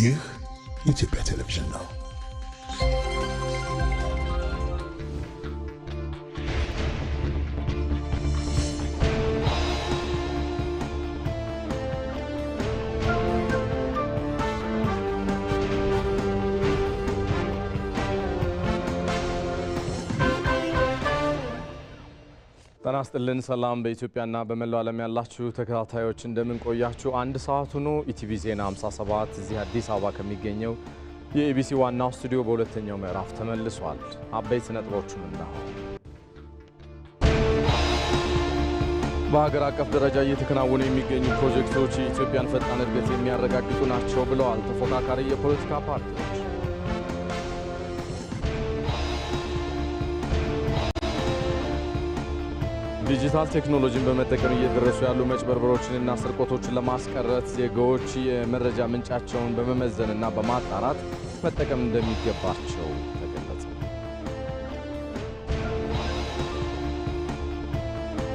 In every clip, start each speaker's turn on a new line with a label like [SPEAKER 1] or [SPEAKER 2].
[SPEAKER 1] ይህ ኢትዮጵያ ቴሌቪዥን ነው። ጤና ይስጥልን። ሰላም በኢትዮጵያና በመላው ዓለም ያላችሁ ተከታታዮች እንደምን ቆያችሁ? አንድ ሰዓት ሆኖ ኢቲቪ ዜና 57 እዚህ አዲስ አበባ ከሚገኘው የኢቢሲ ዋናው ስቱዲዮ በሁለተኛው ምዕራፍ ተመልሷል። አበይት ነጥቦቹም እነሆ። በሀገር አቀፍ ደረጃ እየተከናወኑ የሚገኙ ፕሮጀክቶች የኢትዮጵያን ፈጣን እድገት የሚያረጋግጡ ናቸው ብለዋል ተፎካካሪ የፖለቲካ ፓርቲዎች። ዲጂታል ቴክኖሎጂን በመጠቀም እየደረሱ ያሉ መጭበርበሮችንና ስርቆቶችን ለማስቀረት ዜጋዎች የመረጃ ምንጫቸውን በመመዘንና በማጣራት መጠቀም እንደሚገባቸው ተገለጸ።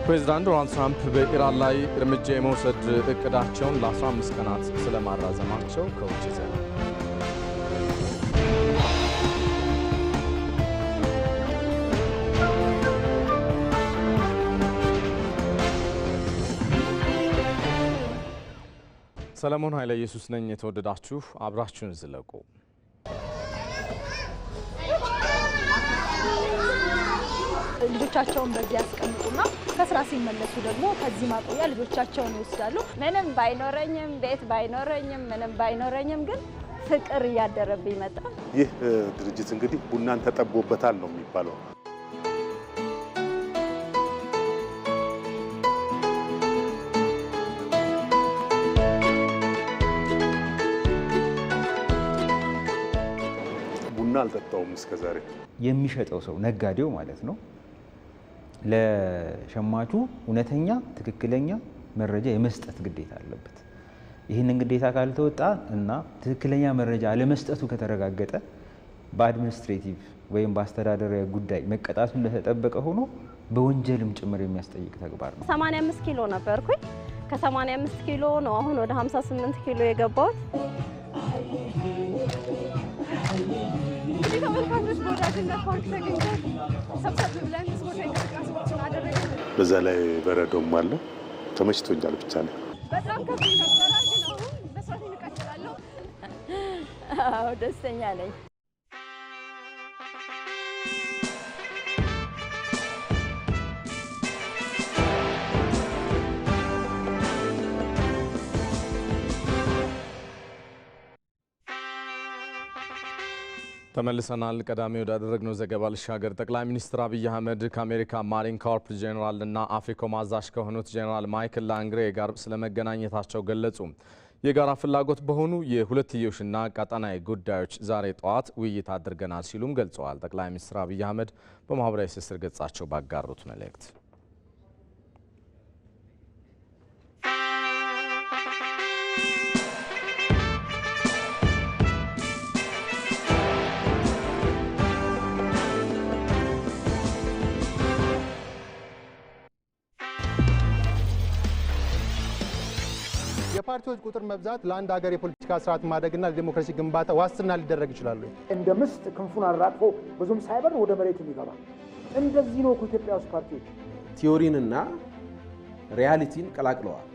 [SPEAKER 1] ፕሬዚዳንት ዶናልድ ትራምፕ በኢራን ላይ እርምጃ የመውሰድ እቅዳቸውን ለ15 ቀናት ስለማራዘማቸው ከውጭ ዘ ሰለሞን ኃይለ ኢየሱስ ነኝ። የተወደዳችሁ አብራችሁን ዝለቁ።
[SPEAKER 2] ልጆቻቸውን በዚህ ያስቀምጡና ከስራ ሲመለሱ ደግሞ ከዚህ ማቆያ ልጆቻቸውን ይወስዳሉ። ምንም ባይኖረኝም፣ ቤት ባይኖረኝም፣ ምንም ባይኖረኝም ግን ፍቅር እያደረብኝ መጣ።
[SPEAKER 3] ይህ ድርጅት እንግዲህ ቡናን ተጠቦበታል ነው የሚባለው። አልጠጣውም እስከዛሬ።
[SPEAKER 4] የሚሸጠው ሰው ነጋዴው ማለት ነው ለሸማቹ እውነተኛ ትክክለኛ መረጃ የመስጠት ግዴታ አለበት። ይህንን ግዴታ ካልተወጣ እና ትክክለኛ መረጃ አለመስጠቱ ከተረጋገጠ በአድሚኒስትሬቲቭ ወይም በአስተዳደራዊ ጉዳይ መቀጣቱ እንደተጠበቀ ሆኖ በወንጀልም ጭምር የሚያስጠይቅ ተግባር
[SPEAKER 5] ነው። 85 ኪሎ ነበርኩኝ። ከ85 ኪሎ ነው አሁን ወደ 58 ኪሎ የገባሁት። እንግዲህ ተመልካቾች
[SPEAKER 3] በወዳጅነት ፓርክ ሰብሰብ ብለን ህዝቦች እንቅስቃሴዎችን አደረግን። በዛ ላይ በረዶም አለው ተመችቶኛል። ብቻ ነው በጣም ከፍ ነበረ፣ ግን አሁን መስራት እንቀጥላለሁ። ደስተኛ ነኝ።
[SPEAKER 1] ተመልሰናል። ቀዳሚ ወዳደረግነው ዘገባ ልሻገር። ጠቅላይ ሚኒስትር አብይ አህመድ ከአሜሪካ ማሪን ኮርፕ ጄኔራል እና አፍሪኮም አዛዥ ከሆኑት ጄኔራል ማይክል ላንግሬ ጋር ስለመገናኘታቸው ገለጹ። የጋራ ፍላጎት በሆኑ የሁለትዮሽና ቀጠናዊ ጉዳዮች ዛሬ ጠዋት ውይይት አድርገናል ሲሉም ገልጸዋል። ጠቅላይ ሚኒስትር አብይ አህመድ በማህበራዊ ትስስር ገጻቸው ባጋሩት መልእክት
[SPEAKER 6] የፓርቲዎች ቁጥር መብዛት ለአንድ ሀገር የፖለቲካ ስርዓት ማደግና ለዲሞክራሲ ግንባታ ዋስትና ሊደረግ ይችላሉ።
[SPEAKER 7] እንደ ምስጥ ክንፉን አራጥፎ ብዙም ሳይበር ወደ መሬት የሚገባ እንደዚህ ነው ኢትዮጵያ ውስጥ ፓርቲዎች
[SPEAKER 8] ቲዮሪንና ሪያሊቲን ቀላቅለዋል።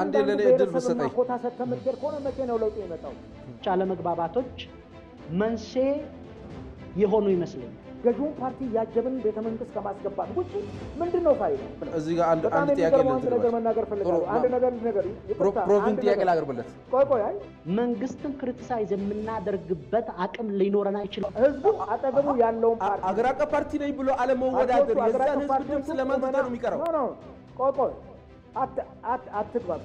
[SPEAKER 8] አንዴ ለእኔ እድል ብሰጠኝ ኮታ ሰጥተህ የምትሄድ ከሆነ መቼ ነው ለውጡ የመጣው?
[SPEAKER 9] ጫለመግባባቶች መንስኤ የሆኑ ይመስለኛል።
[SPEAKER 7] ገዥውን ፓርቲ እያጀብን ቤተ መንግስት ከማስገባት ውጭ ምንድን ነው ፋይል?
[SPEAKER 3] እዚህ ጋር አንድ አንድ ጥያቄ ነገር መናገር ፈልጋለሁ። አንድ ነገር ነገር ፕሮቪን ጥያቄ ላቅርብለት።
[SPEAKER 7] ቆይ ቆይ፣ አይ
[SPEAKER 9] መንግስትን ክሪቲሳይዝ የምናደርግበት አቅም ሊኖረን አይችልም።
[SPEAKER 7] ህዝቡ አጠገቡ ያለውን
[SPEAKER 3] ፓርቲ አገር አቀፍ ፓርቲ ነኝ ብሎ አለመወዳደር የዛን ህዝብ ድምፅ ለማንሳት ነው የሚቀረው።
[SPEAKER 7] ቆይ ቆይ አትግባቡ።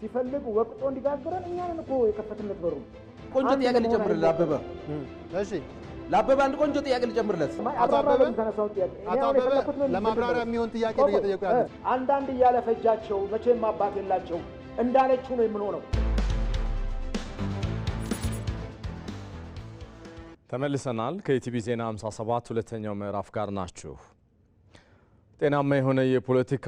[SPEAKER 7] ሲፈልግ ወቅጦ እንዲጋግረን እኛን እኮ የከፈትነት በሩ።
[SPEAKER 3] ቆንጆ ጥያቄ ልጨምርልህ አበበ። እሺ ለአበበ አንድ ቆንጆ ጥያቄ ልጨምርለት። አቶ አበበ ለማብራሪያ የሚሆን ጥያቄ ነው እየጠየቁ ያለ
[SPEAKER 7] አንዳንድ እያለፈጃቸው መቼም አባት የላቸው እንዳለችው ነው የምንሆነው
[SPEAKER 1] ተመልሰናል። ከኢቲቪ ዜና 57 ሁለተኛው ምዕራፍ ጋር ናችሁ። ጤናማ የሆነ የፖለቲካ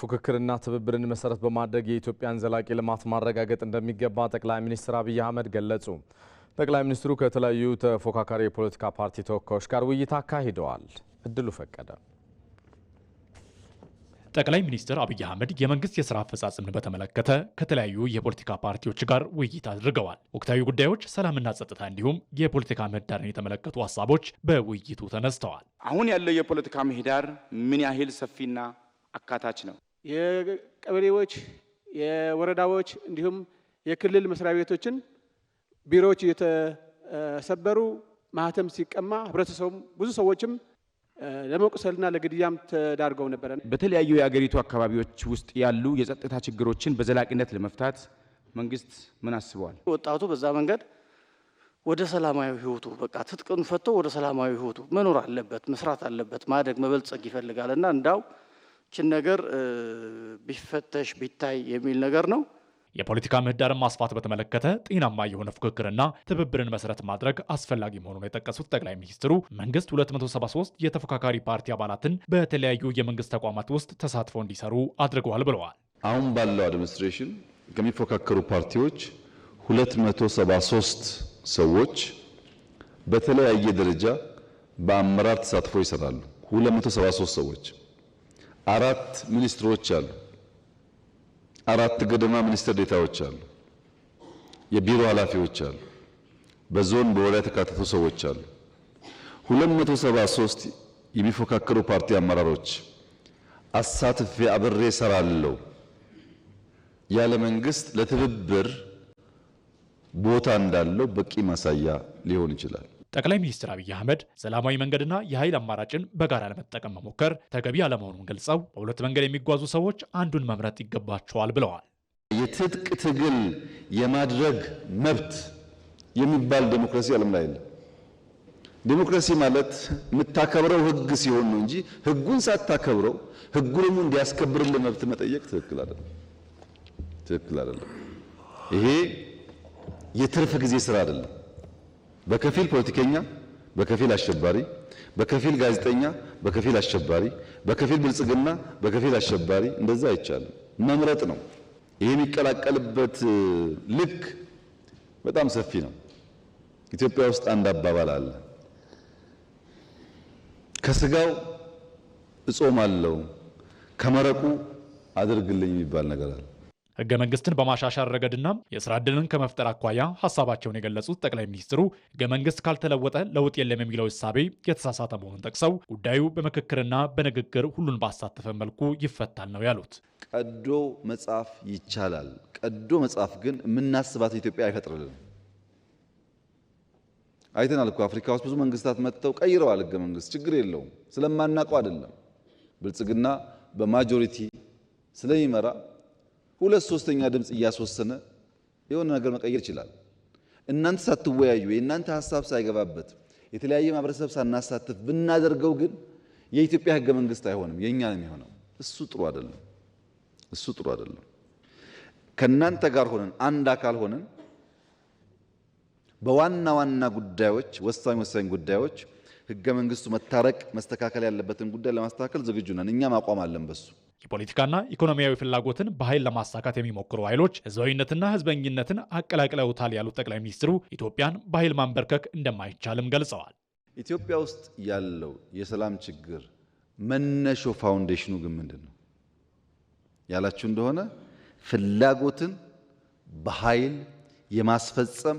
[SPEAKER 1] ፉክክርና ትብብርን መሰረት በማድረግ የኢትዮጵያን ዘላቂ ልማት ማረጋገጥ እንደሚገባ ጠቅላይ ሚኒስትር አብይ አህመድ ገለጹ። ጠቅላይ ሚኒስትሩ ከተለያዩ ተፎካካሪ የፖለቲካ ፓርቲ ተወካዮች ጋር ውይይት አካሂደዋል። እድሉ ፈቀደ
[SPEAKER 10] ጠቅላይ ሚኒስትር አብይ አህመድ የመንግስት የስራ አፈጻጸምን በተመለከተ ከተለያዩ የፖለቲካ ፓርቲዎች ጋር ውይይት አድርገዋል። ወቅታዊ ጉዳዮች፣ ሰላምና ጸጥታ እንዲሁም የፖለቲካ ምህዳርን የተመለከቱ ሀሳቦች በውይይቱ ተነስተዋል።
[SPEAKER 11] አሁን ያለው የፖለቲካ ምህዳር ምን ያህል ሰፊና አካታች ነው?
[SPEAKER 12] የቀበሌዎች፣ የወረዳዎች እንዲሁም የክልል መስሪያ ቤቶችን ቢሮዎች እየተሰበሩ ማህተም ሲቀማ ህብረተሰቡም ብዙ ሰዎችም ለመቁሰልና ለግድያም ተዳርገው ነበረ።
[SPEAKER 1] በተለያዩ የአገሪቱ አካባቢዎች ውስጥ ያሉ የጸጥታ ችግሮችን በዘላቂነት ለመፍታት መንግስት ምን አስበዋል?
[SPEAKER 11] ወጣቱ በዛ መንገድ ወደ ሰላማዊ ህይወቱ በቃ ትጥቅን ፈቶ ወደ ሰላማዊ ህይወቱ መኖር አለበት፣ መስራት አለበት፣ ማደግ መበልጸግ ይፈልጋል እና እንዳው ችን ነገር ቢፈተሽ ቢታይ የሚል ነገር ነው።
[SPEAKER 10] የፖለቲካ ምህዳርን ማስፋት በተመለከተ ጤናማ የሆነ ፉክክርና ትብብርን መሰረት ማድረግ አስፈላጊ መሆኑን የጠቀሱት ጠቅላይ ሚኒስትሩ መንግስት 273 የተፎካካሪ ፓርቲ አባላትን በተለያዩ የመንግስት ተቋማት ውስጥ ተሳትፎ እንዲሰሩ አድርገዋል ብለዋል።
[SPEAKER 13] አሁን ባለው አድሚኒስትሬሽን ከሚፎካከሩ ፓርቲዎች 273 ሰዎች በተለያየ ደረጃ በአመራር ተሳትፎ ይሰራሉ። 273 ሰዎች አራት ሚኒስትሮች አሉ። አራት ገደማ ሚኒስትር ዴታዎች አሉ፣ የቢሮ ኃላፊዎች አሉ፣ በዞን በወረዳ የተካተቱ ሰዎች አሉ። 273 የሚፎካከሩ ፓርቲ አመራሮች አሳትፌ አብሬ ሰራለሁ ያለ መንግስት ለትብብር ቦታ እንዳለው በቂ ማሳያ ሊሆን ይችላል።
[SPEAKER 10] ጠቅላይ ሚኒስትር አብይ አህመድ ሰላማዊ መንገድና የኃይል አማራጭን በጋራ ለመጠቀም መሞከር ተገቢ አለመሆኑን ገልጸው በሁለት መንገድ የሚጓዙ ሰዎች አንዱን መምረጥ ይገባቸዋል ብለዋል።
[SPEAKER 13] የትጥቅ ትግል የማድረግ መብት የሚባል ዴሞክራሲ ዓለም ላይ የለም። ዴሞክራሲ ማለት የምታከብረው ህግ ሲሆን ነው እንጂ ህጉን ሳታከብረው ህጉንም እንዲያስከብርልን መብት መጠየቅ ትክክል አይደለም፣ ትክክል አይደለም። ይሄ የትርፍ ጊዜ ስራ አይደለም። በከፊል ፖለቲከኛ፣ በከፊል አሸባሪ፣ በከፊል ጋዜጠኛ፣ በከፊል አሸባሪ፣ በከፊል ብልጽግና፣ በከፊል አሸባሪ፣ እንደዛ አይቻልም። መምረጥ ነው። ይሄ የሚቀላቀልበት ልክ በጣም ሰፊ ነው። ኢትዮጵያ ውስጥ አንድ አባባል አለ። ከስጋው እጾም አለው ከመረቁ አድርግልኝ የሚባል ነገር አለ።
[SPEAKER 10] ህገ መንግስትን በማሻሻል ረገድና የስራ ዕድልን ከመፍጠር አኳያ ሀሳባቸውን የገለጹት ጠቅላይ ሚኒስትሩ ህገ መንግስት ካልተለወጠ ለውጥ የለም የሚለው እሳቤ የተሳሳተ መሆኑን ጠቅሰው ጉዳዩ በምክክርና በንግግር ሁሉን ባሳተፈ መልኩ ይፈታል ነው ያሉት።
[SPEAKER 11] ቀዶ መጻፍ ይቻላል። ቀዶ መጻፍ ግን የምናስባት ኢትዮጵያ አይፈጥርልን አይተናል እኮ አፍሪካ ውስጥ ብዙ መንግስታት መጥተው ቀይረዋል ህገ መንግስት። ችግር የለውም ስለማናውቀው አይደለም። ብልጽግና በማጆሪቲ ስለሚመራ ሁለት ሶስተኛ ድምፅ እያስወሰነ የሆነ ነገር መቀየር ይችላል። እናንተ ሳትወያዩ የእናንተ ሀሳብ ሳይገባበት የተለያየ ማህበረሰብ ሳናሳትፍ ብናደርገው ግን የኢትዮጵያ ህገ መንግስት አይሆንም፣ የእኛ ነው የሚሆነው። እሱ ጥሩ አይደለም። እሱ ጥሩ አይደለም። ከእናንተ ጋር ሆነን አንድ አካል ሆነን በዋና ዋና ጉዳዮች፣ ወሳኝ ወሳኝ ጉዳዮች ህገ መንግስቱ መታረቅ መስተካከል ያለበትን ጉዳይ ለማስተካከል ዝግጁ ነን። እኛም አቋም አለን በሱ
[SPEAKER 10] የፖለቲካና ኢኮኖሚያዊ ፍላጎትን በኃይል ለማሳካት የሚሞክሩ ኃይሎች ህዝባዊነትና ህዝበኝነትን አቀላቅለውታል ያሉት ጠቅላይ ሚኒስትሩ ኢትዮጵያን በኃይል ማንበርከክ እንደማይቻልም ገልጸዋል።
[SPEAKER 13] ኢትዮጵያ ውስጥ ያለው የሰላም ችግር መነሾ ፋውንዴሽኑ ግን ምንድን ነው ያላችሁ እንደሆነ ፍላጎትን በኃይል የማስፈጸም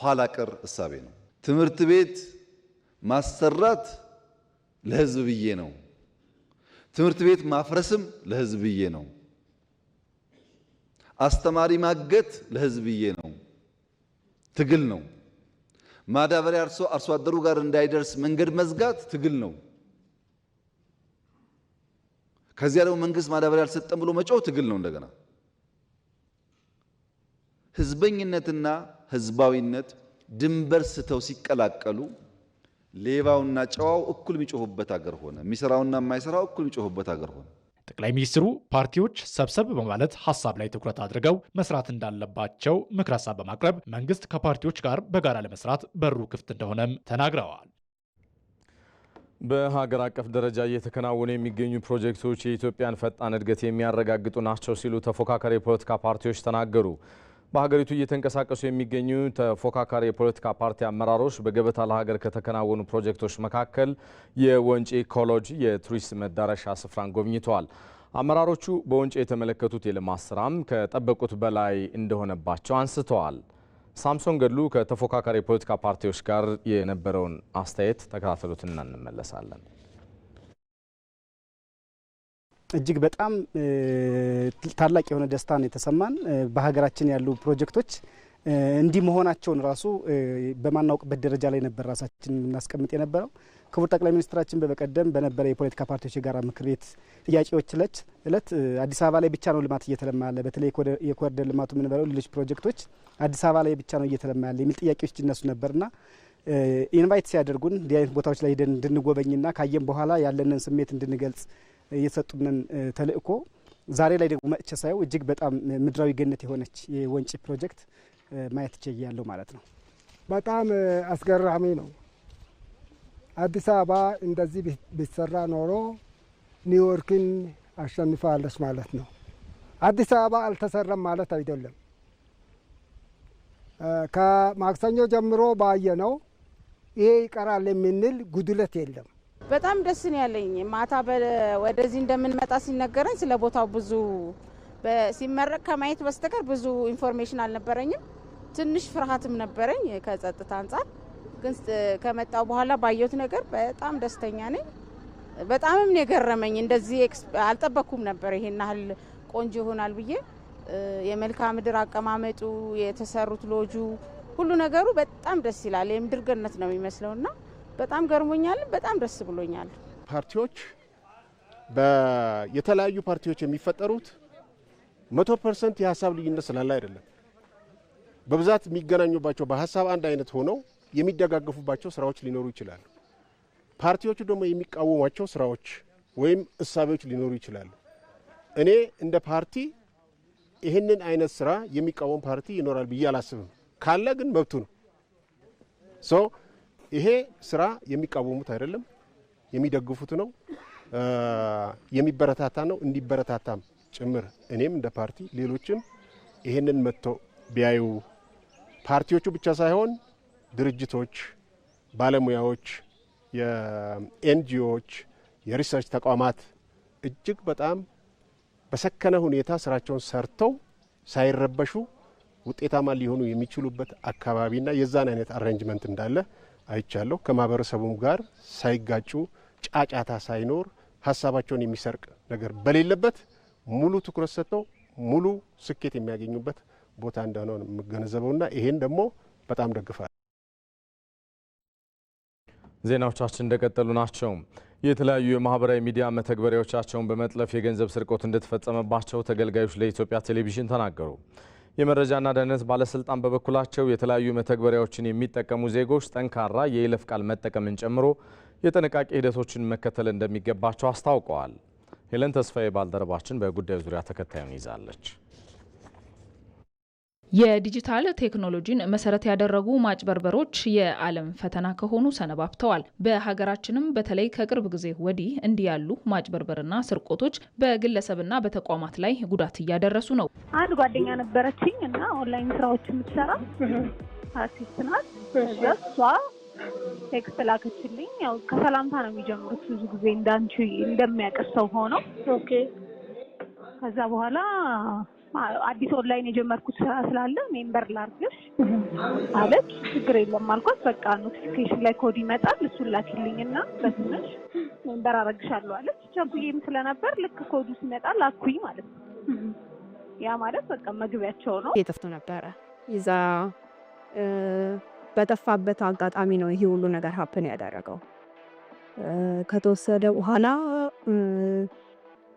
[SPEAKER 13] ኋላ ቀር እሳቤ ነው። ትምህርት ቤት ማሰራት ለህዝብ ብዬ ነው ትምህርት ቤት ማፍረስም ለህዝብዬ ነው። አስተማሪ ማገት ለህዝብዬ ነው። ትግል ነው። ማዳበሪያ አርሶ አርሶ አደሩ ጋር እንዳይደርስ መንገድ መዝጋት ትግል ነው። ከዚያ ደግሞ መንግስት ማዳበሪያ አልሰጠም ብሎ መጮህ ትግል ነው። እንደገና ህዝበኝነትና ህዝባዊነት ድንበር ስተው ሲቀላቀሉ ሌባውና ጨዋው እኩል የሚጮሁበት አገር ሆነ። የሚሰራውና የማይሰራው እኩል የሚጮሁበት አገር ሆነ።
[SPEAKER 10] ጠቅላይ ሚኒስትሩ ፓርቲዎች ሰብሰብ በማለት ሀሳብ ላይ ትኩረት አድርገው መስራት እንዳለባቸው ምክር ሀሳብ በማቅረብ መንግስት ከፓርቲዎች ጋር በጋራ ለመስራት በሩ ክፍት እንደሆነም ተናግረዋል።
[SPEAKER 1] በሀገር አቀፍ ደረጃ እየተከናወኑ የሚገኙ ፕሮጀክቶች የኢትዮጵያን ፈጣን እድገት የሚያረጋግጡ ናቸው ሲሉ ተፎካካሪ የፖለቲካ ፓርቲዎች ተናገሩ። በሀገሪቱ እየተንቀሳቀሱ የሚገኙ ተፎካካሪ የፖለቲካ ፓርቲ አመራሮች በገበታ ለሀገር ከተከናወኑ ፕሮጀክቶች መካከል የወንጪ ኢኮሎጂ የቱሪስት መዳረሻ ስፍራን ጎብኝተዋል። አመራሮቹ በወንጪ የተመለከቱት የልማት ስራም ከጠበቁት በላይ እንደሆነባቸው አንስተዋል። ሳምሶን ገድሉ ከተፎካካሪ የፖለቲካ ፓርቲዎች ጋር የነበረውን አስተያየት ተከታተሉትና እንመለሳለን።
[SPEAKER 14] እጅግ በጣም ታላቅ የሆነ ደስታን የተሰማን በሀገራችን ያሉ ፕሮጀክቶች እንዲህ መሆናቸውን ራሱ በማናውቅበት ደረጃ ላይ ነበር ራሳችን የምናስቀምጥ የነበረው። ክቡር ጠቅላይ ሚኒስትራችን በበቀደም በነበረ የፖለቲካ ፓርቲዎች የጋራ ምክር ቤት ጥያቄዎች ለች እለት አዲስ አበባ ላይ ብቻ ነው ልማት እየተለማ ያለ በተለይ የኮሪደር ልማቱ የምንበለው ሌሎች ፕሮጀክቶች አዲስ አበባ ላይ ብቻ ነው እየተለማ ያለ የሚል ጥያቄዎች ይነሱ ነበርና ኢንቫይት ሲያደርጉን እንዲህ አይነት ቦታዎች ላይ ሄደን እንድንጎበኝና ካየን በኋላ ያለንን ስሜት እንድንገልጽ የሰጡንን ተልእኮ ዛሬ ላይ ደግሞ መጥቼ ሳየው እጅግ በጣም ምድራዊ ገነት የሆነች የወንጪ ፕሮጀክት ማየት ችያለሁ ማለት ነው።
[SPEAKER 15] በጣም አስገራሚ ነው። አዲስ አበባ እንደዚህ ቢሰራ ኖሮ ኒውዮርክን አሸንፋለች ማለት ነው። አዲስ አበባ አልተሰራም ማለት አይደለም። ከማክሰኞ ጀምሮ ባየ ነው ይሄ ይቀራል የምንል ጉድለት የለም።
[SPEAKER 5] በጣም ደስ ነው ያለኝ። ማታ ወደዚህ እንደምንመጣ ሲነገረኝ ስለ ቦታው ብዙ ሲመረቅ ከማየት በስተቀር ብዙ ኢንፎርሜሽን አልነበረኝም። ትንሽ ፍርሃትም ነበረኝ ከጸጥታ አንጻር። ግን ከመጣው በኋላ ባየሁት ነገር በጣም ደስተኛ ነኝ። በጣምም የገረመኝ። እንደዚህ አልጠበኩም ነበር ይሄን ያህል ቆንጆ ይሆናል ብዬ። የመልክዓ ምድር አቀማመጡ፣ የተሰሩት ሎጁ፣ ሁሉ ነገሩ በጣም ደስ ይላል። የምድር ገነት ነው የሚመስለውና በጣም ገርሞኛል። በጣም ደስ ብሎኛል።
[SPEAKER 16] ፓርቲዎች የተለያዩ ፓርቲዎች የሚፈጠሩት መቶ ፐርሰንት የሀሳብ ልዩነት ስላለ አይደለም። በብዛት የሚገናኙባቸው በሀሳብ አንድ አይነት ሆነው የሚደጋገፉባቸው ስራዎች ሊኖሩ ይችላሉ። ፓርቲዎቹ ደግሞ የሚቃወሟቸው ስራዎች ወይም እሳቤዎች ሊኖሩ ይችላሉ። እኔ እንደ ፓርቲ ይህንን አይነት ስራ የሚቃወም ፓርቲ ይኖራል ብዬ አላስብም። ካለ ግን መብቱ ነው። ይሄ ስራ የሚቃወሙት አይደለም፣ የሚደግፉት ነው፣ የሚበረታታ ነው። እንዲበረታታም ጭምር እኔም እንደ ፓርቲ ሌሎችም ይሄንን መጥቶ ቢያዩ ፓርቲዎቹ ብቻ ሳይሆን ድርጅቶች፣ ባለሙያዎች፣ የኤንጂኦዎች፣ የሪሰርች ተቋማት እጅግ በጣም በሰከነ ሁኔታ ስራቸውን ሰርተው ሳይረበሹ ውጤታማ ሊሆኑ የሚችሉበት አካባቢና የዛን አይነት አሬንጅመንት እንዳለ አይቻለሁ። ከማህበረሰቡም ጋር ሳይጋጩ ጫጫታ ሳይኖር ሀሳባቸውን የሚሰርቅ ነገር በሌለበት ሙሉ ትኩረት ሰጥተው ሙሉ ስኬት የሚያገኙበት ቦታ እንደሆነ የምገነዘበውና ይሄን ደግሞ በጣም ደግፋል።
[SPEAKER 1] ዜናዎቻችን እንደቀጠሉ ናቸው። የተለያዩ የማህበራዊ ሚዲያ መተግበሪያዎቻቸውን በመጥለፍ የገንዘብ ስርቆት እንደተፈጸመባቸው ተገልጋዮች ለኢትዮጵያ ቴሌቪዥን ተናገሩ። የመረጃና ደህንነት ባለስልጣን በበኩላቸው የተለያዩ መተግበሪያዎችን የሚጠቀሙ ዜጎች ጠንካራ የይለፍ ቃል መጠቀምን ጨምሮ የጥንቃቄ ሂደቶችን መከተል እንደሚገባቸው አስታውቀዋል። ሄለን ተስፋዬ ባልደረባችን በጉዳዩ ዙሪያ ተከታዩን ይዛለች።
[SPEAKER 17] የዲጂታል ቴክኖሎጂን መሰረት ያደረጉ ማጭበርበሮች የዓለም ፈተና ከሆኑ ሰነባብተዋል። በሀገራችንም በተለይ ከቅርብ ጊዜ ወዲህ እንዲህ ያሉ ማጭበርበርና ስርቆቶች በግለሰብና በተቋማት ላይ ጉዳት እያደረሱ ነው።
[SPEAKER 5] አንድ ጓደኛ ነበረችኝ እና ኦንላይን ስራዎች የምትሰራ አርቲስት ናት። እሷ ቴክስት ላከችልኝ። ያው ከሰላምታ ነው የሚጀምሩት ብዙ ጊዜ እንዳንቺ እንደሚያቅር ሰው ሆነው ከዛ በኋላ አዲስ ኦንላይን የጀመርኩት ስራ ስላለ ሜምበር ላርግሽ አለች። ችግር የለም አልኳት። በቃ ኖቲፊኬሽን ላይ ኮድ ይመጣል እሱን ላኪልኝ እና በትንሽ ሜምበር አረግሻለሁ አለች። ቸጉዬም ስለነበር ልክ ኮዱ ሲመጣ ላኩኝ ማለት ነው። ያ ማለት በቃ መግቢያቸው ነው።
[SPEAKER 18] የጠፍቶ ነበረ ይዛ በጠፋበት አጋጣሚ ነው ይሄ ሁሉ ነገር ሀፕን ያደረገው። ከተወሰደ በኋላ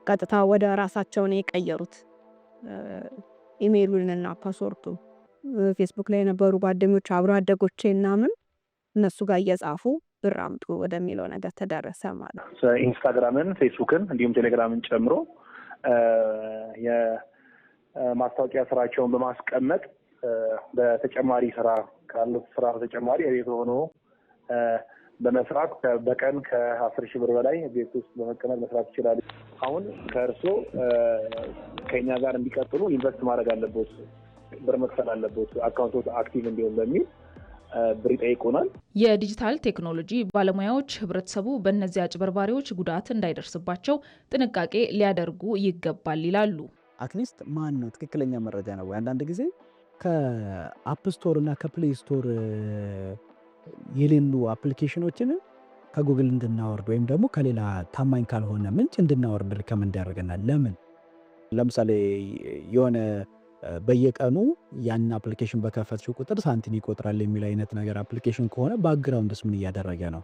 [SPEAKER 18] ቀጥታ ወደ ራሳቸው ነው የቀየሩት። ኢሜይሉንና ፓስወርቱ ፌስቡክ ላይ የነበሩ ጓደኞች አብሮ አደጎቼ እናምን እነሱ ጋር እየጻፉ ብር አምጡ ወደሚለው ነገር ተደረሰ ማለት
[SPEAKER 19] ነው። ኢንስታግራምን፣ ፌስቡክን እንዲሁም ቴሌግራምን ጨምሮ የማስታወቂያ ስራቸውን በማስቀመጥ በተጨማሪ ስራ ካሉት ስራ በተጨማሪ የቤት ሆኖ በመስራት በቀን ከአስር ሺህ ብር በላይ ቤት ውስጥ በመቀመጥ መስራት ይችላል። አሁን ከእርሶ ከኛ ጋር እንዲቀጥሉ ኢንቨስት ማድረግ አለቦት፣ ብር መክፈል አለቦት፣ አካውንቶች አክቲቭ እንዲሆን በሚል ብር ይጠይቁናል።
[SPEAKER 17] የዲጂታል ቴክኖሎጂ ባለሙያዎች ህብረተሰቡ በእነዚህ አጭበርባሪዎች ጉዳት እንዳይደርስባቸው ጥንቃቄ ሊያደርጉ ይገባል ይላሉ።
[SPEAKER 20] አትሊስት ማን ነው? ትክክለኛ መረጃ ነው ወይ? አንዳንድ ጊዜ ከአፕ ስቶር እና ከፕሌይ ስቶር የሌሉ አፕሊኬሽኖችን ከጉግል እንድናወርድ ወይም ደግሞ ከሌላ ታማኝ ካልሆነ ምንጭ እንድናወርድ ልከም እንዲያደርገናል። ለምን? ለምሳሌ የሆነ በየቀኑ ያን አፕሊኬሽን በከፈትሽው ቁጥር ሳንቲም ይቆጥራል የሚል አይነት ነገር አፕሊኬሽን ከሆነ ባክግራውንድስ ምን እያደረገ ነው?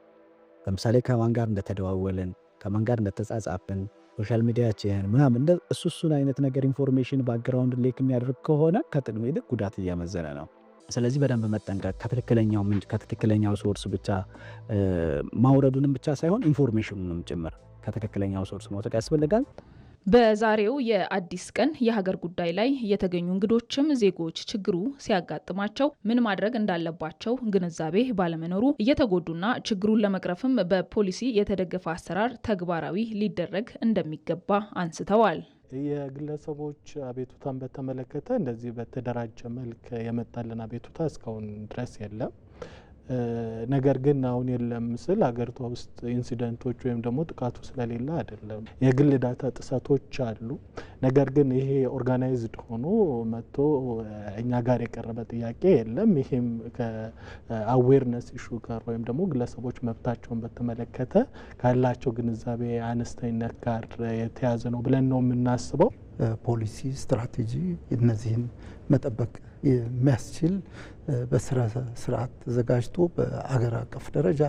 [SPEAKER 20] ለምሳሌ ከማን ጋር እንደተደዋወልን፣ ከማን ጋር እንደተጻጻፍን፣ ሶሻል ሚዲያችን ምናምን እሱ እሱን አይነት ነገር ኢንፎርሜሽን ባክግራውንድ ሌክ የሚያደርግ ከሆነ ከጥቅም ይልቅ ጉዳት እያመዘነ ነው። ስለዚህ በደንብ መጠንቀቅ ከትክክለኛው ምንጭ ከትክክለኛው ሶርስ ብቻ ማውረዱንም ብቻ ሳይሆን ኢንፎርሜሽኑንም ጭምር ከትክክለኛው ሶርስ መውሰድ ያስፈልጋል። በዛሬው የአዲስ ቀን የሀገር ጉዳይ ላይ የተገኙ እንግዶችም ዜጎች ችግሩ ሲያጋጥማቸው ምን ማድረግ እንዳለባቸው ግንዛቤ ባለመኖሩ እየተጎዱና ችግሩን ለመቅረፍም በፖሊሲ የተደገፈ አሰራር ተግባራዊ ሊደረግ እንደሚገባ አንስተዋል።
[SPEAKER 21] የግለሰቦች አቤቱታን በተመለከተ እንደዚህ በተደራጀ መልክ የመጣልን አቤቱታ እስካሁን ድረስ የለም። ነገር ግን አሁን የለም ስል ሀገሪቷ ውስጥ ኢንሲደንቶች ወይም ደግሞ ጥቃቱ ስለሌለ አይደለም። የግል ዳታ ጥሰቶች አሉ። ነገር ግን ይሄ ኦርጋናይዝድ ሆኖ መጥቶ እኛ ጋር የቀረበ ጥያቄ የለም። ይሄም ከአዌርነስ ኢሹ ጋር ወይም ደግሞ ግለሰቦች መብታቸውን በተመለከተ ካላቸው ግንዛቤ አነስተኝነት ጋር የተያዘ ነው ብለን ነው የምናስበው።
[SPEAKER 22] ፖሊሲ ስትራቴጂ እነዚህን መጠበቅ የሚያስችል በስራ ስርዓት ተዘጋጅቶ በአገር አቀፍ ደረጃ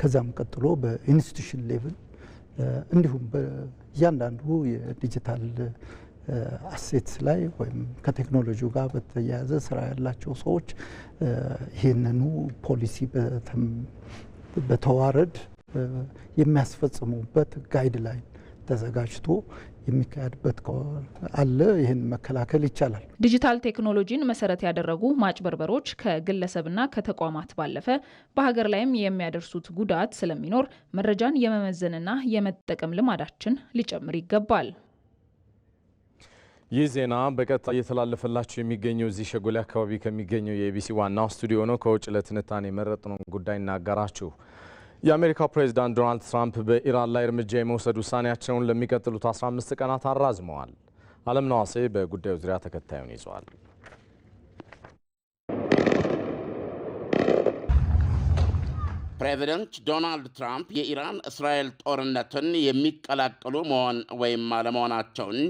[SPEAKER 22] ከዛም ቀጥሎ በኢንስቲቱሽን ሌቭል እንዲሁም በእያንዳንዱ የዲጂታል አሴትስ ላይ ወይም ከቴክኖሎጂው ጋር በተያያዘ ስራ ያላቸው ሰዎች ይህንኑ ፖሊሲ በተዋረድ የሚያስፈጽሙበት ጋይድ ላይን ተዘጋጅቶ የሚካሄድበት አለ። ይህን መከላከል ይቻላል።
[SPEAKER 17] ዲጂታል ቴክኖሎጂን መሰረት ያደረጉ ማጭበርበሮች ከግለሰብና ከተቋማት ባለፈ በሀገር ላይም የሚያደርሱት ጉዳት ስለሚኖር መረጃን የመመዘንና የመጠቀም ልማዳችን ሊጨምር ይገባል።
[SPEAKER 1] ይህ ዜና በቀጥታ እየተላለፈላችሁ የሚገኘው እዚህ ሸጎሌ አካባቢ ከሚገኘው የኢቢሲ ዋናው ስቱዲዮ ነው። ከውጭ ለትንታኔ የመረጥነውን ጉዳይ እናገራችሁ? የአሜሪካው ፕሬዚዳንት ዶናልድ ትራምፕ በኢራን ላይ እርምጃ የመውሰድ ውሳኔያቸውን ለሚቀጥሉት 15 ቀናት አራዝመዋል። አለም ነዋሴ በጉዳዩ ዙሪያ ተከታዩን ይዘዋል።
[SPEAKER 23] ፕሬዚደንት ዶናልድ ትራምፕ የኢራን እስራኤል ጦርነትን የሚቀላቀሉ መሆን ወይም አለመሆናቸውን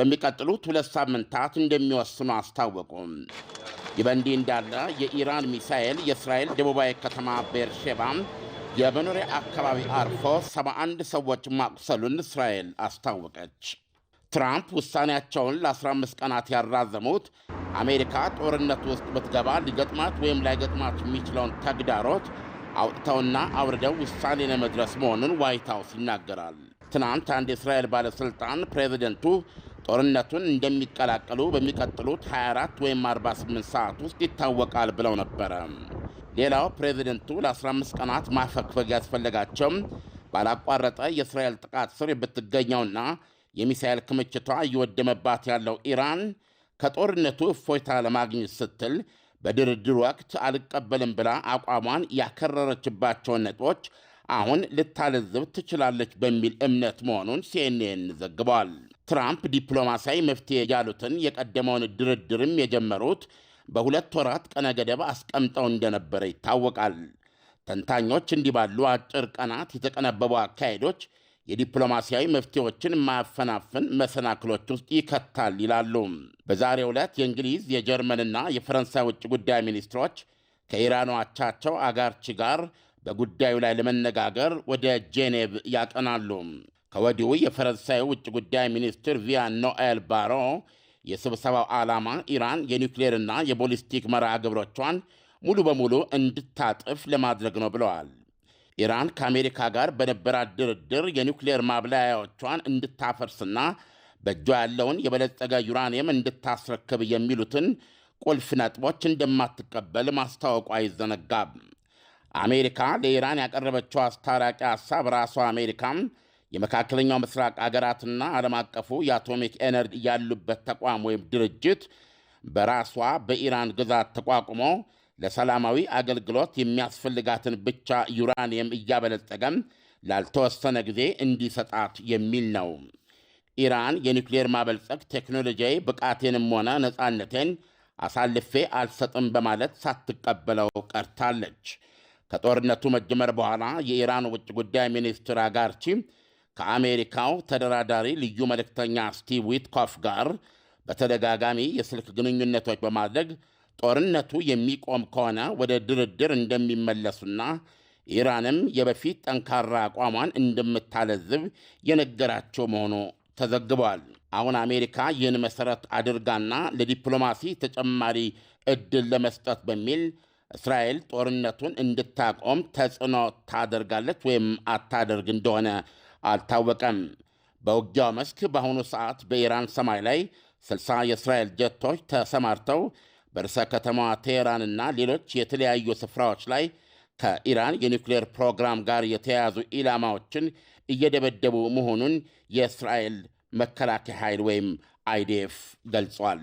[SPEAKER 23] በሚቀጥሉት ሁለት ሳምንታት እንደሚወስኑ አስታወቁም። ይህ በእንዲህ እንዳለ የኢራን ሚሳኤል የእስራኤል ደቡባዊ ከተማ ቤርሼባ የመኖሪያ አካባቢ አርፎ 71 ሰዎች ማቁሰሉን እስራኤል አስታወቀች። ትራምፕ ውሳኔያቸውን ለ15 ቀናት ያራዘሙት አሜሪካ ጦርነት ውስጥ ብትገባ ሊገጥማት ወይም ላይገጥማት የሚችለውን ተግዳሮት አውጥተውና አውርደው ውሳኔ ለመድረስ መሆኑን ዋይት ሀውስ ይናገራል። ትናንት አንድ የእስራኤል ባለሥልጣን ፕሬዚደንቱ ጦርነቱን እንደሚቀላቀሉ በሚቀጥሉት 24 ወይም 48 ሰዓት ውስጥ ይታወቃል ብለው ነበረ። ሌላው ፕሬዚደንቱ ለ15 ቀናት ማፈግፈግ ያስፈለጋቸው ባላቋረጠ የእስራኤል ጥቃት ስር የምትገኘውና የሚሳኤል ክምችቷ እየወደመባት ያለው ኢራን ከጦርነቱ እፎይታ ለማግኘት ስትል በድርድር ወቅት አልቀበልም ብላ አቋሟን ያከረረችባቸውን ነጥቦች አሁን ልታለዝብ ትችላለች በሚል እምነት መሆኑን ሲኤንኤን ዘግቧል። ትራምፕ ዲፕሎማሲያዊ መፍትሄ ያሉትን የቀደመውን ድርድርም የጀመሩት በሁለት ወራት ቀነ ገደብ አስቀምጠው እንደነበረ ይታወቃል። ተንታኞች እንዲህ ባሉ አጭር ቀናት የተቀነበቡ አካሄዶች የዲፕሎማሲያዊ መፍትሄዎችን የማያፈናፍን መሰናክሎች ውስጥ ይከታል ይላሉ። በዛሬው ዕለት የእንግሊዝ የጀርመንና የፈረንሳይ ውጭ ጉዳይ ሚኒስትሮች ከኢራኑ አቻቸው አጋርቺ ጋር በጉዳዩ ላይ ለመነጋገር ወደ ጄኔቭ ያቀናሉ። ከወዲሁ የፈረንሳይ ውጭ ጉዳይ ሚኒስትር ቪያ ኖኤል ባሮ የስብሰባው ዓላማ ኢራን የኒውክሌርና የቦሊስቲክ መርሃ ግብሮቿን ሙሉ በሙሉ እንድታጥፍ ለማድረግ ነው ብለዋል። ኢራን ከአሜሪካ ጋር በነበራት ድርድር የኒውክሌር ማብላያዎቿን እንድታፈርስና በእጇ ያለውን የበለጸገ ዩራኒየም እንድታስረክብ የሚሉትን ቁልፍ ነጥቦች እንደማትቀበል ማስታወቁ አይዘነጋም። አሜሪካ ለኢራን ያቀረበችው አስታራቂ ሐሳብ ራሷ አሜሪካም የመካከለኛው ምስራቅ አገራትና ዓለም አቀፉ የአቶሚክ ኤነርጂ ያሉበት ተቋም ወይም ድርጅት በራሷ በኢራን ግዛት ተቋቁሞ ለሰላማዊ አገልግሎት የሚያስፈልጋትን ብቻ ዩራኒየም እያበለጸገም ላልተወሰነ ጊዜ እንዲሰጣት የሚል ነው። ኢራን የኒውክሌር ማበልጸግ ቴክኖሎጂ ብቃቴንም ሆነ ነፃነቴን አሳልፌ አልሰጥም በማለት ሳትቀበለው ቀርታለች። ከጦርነቱ መጀመር በኋላ የኢራን ውጭ ጉዳይ ሚኒስትር አጋርቺ ከአሜሪካው ተደራዳሪ ልዩ መልእክተኛ ስቲቭ ዊትኮፍ ጋር በተደጋጋሚ የስልክ ግንኙነቶች በማድረግ ጦርነቱ የሚቆም ከሆነ ወደ ድርድር እንደሚመለሱና ኢራንም የበፊት ጠንካራ አቋሟን እንደምታለዝብ የነገራቸው መሆኑ ተዘግቧል። አሁን አሜሪካ ይህን መሠረት አድርጋና ለዲፕሎማሲ ተጨማሪ ዕድል ለመስጠት በሚል እስራኤል ጦርነቱን እንድታቆም ተጽዕኖ ታደርጋለች ወይም አታደርግ እንደሆነ አልታወቀም። በውጊያው መስክ በአሁኑ ሰዓት በኢራን ሰማይ ላይ 60 የእስራኤል ጀቶች ተሰማርተው በርዕሰ ከተማዋ ቴሄራንና ሌሎች የተለያዩ ስፍራዎች ላይ ከኢራን የኒውክሌር ፕሮግራም ጋር የተያያዙ ኢላማዎችን እየደበደቡ መሆኑን የእስራኤል መከላከያ ኃይል ወይም አይዲኤፍ ገልጿል።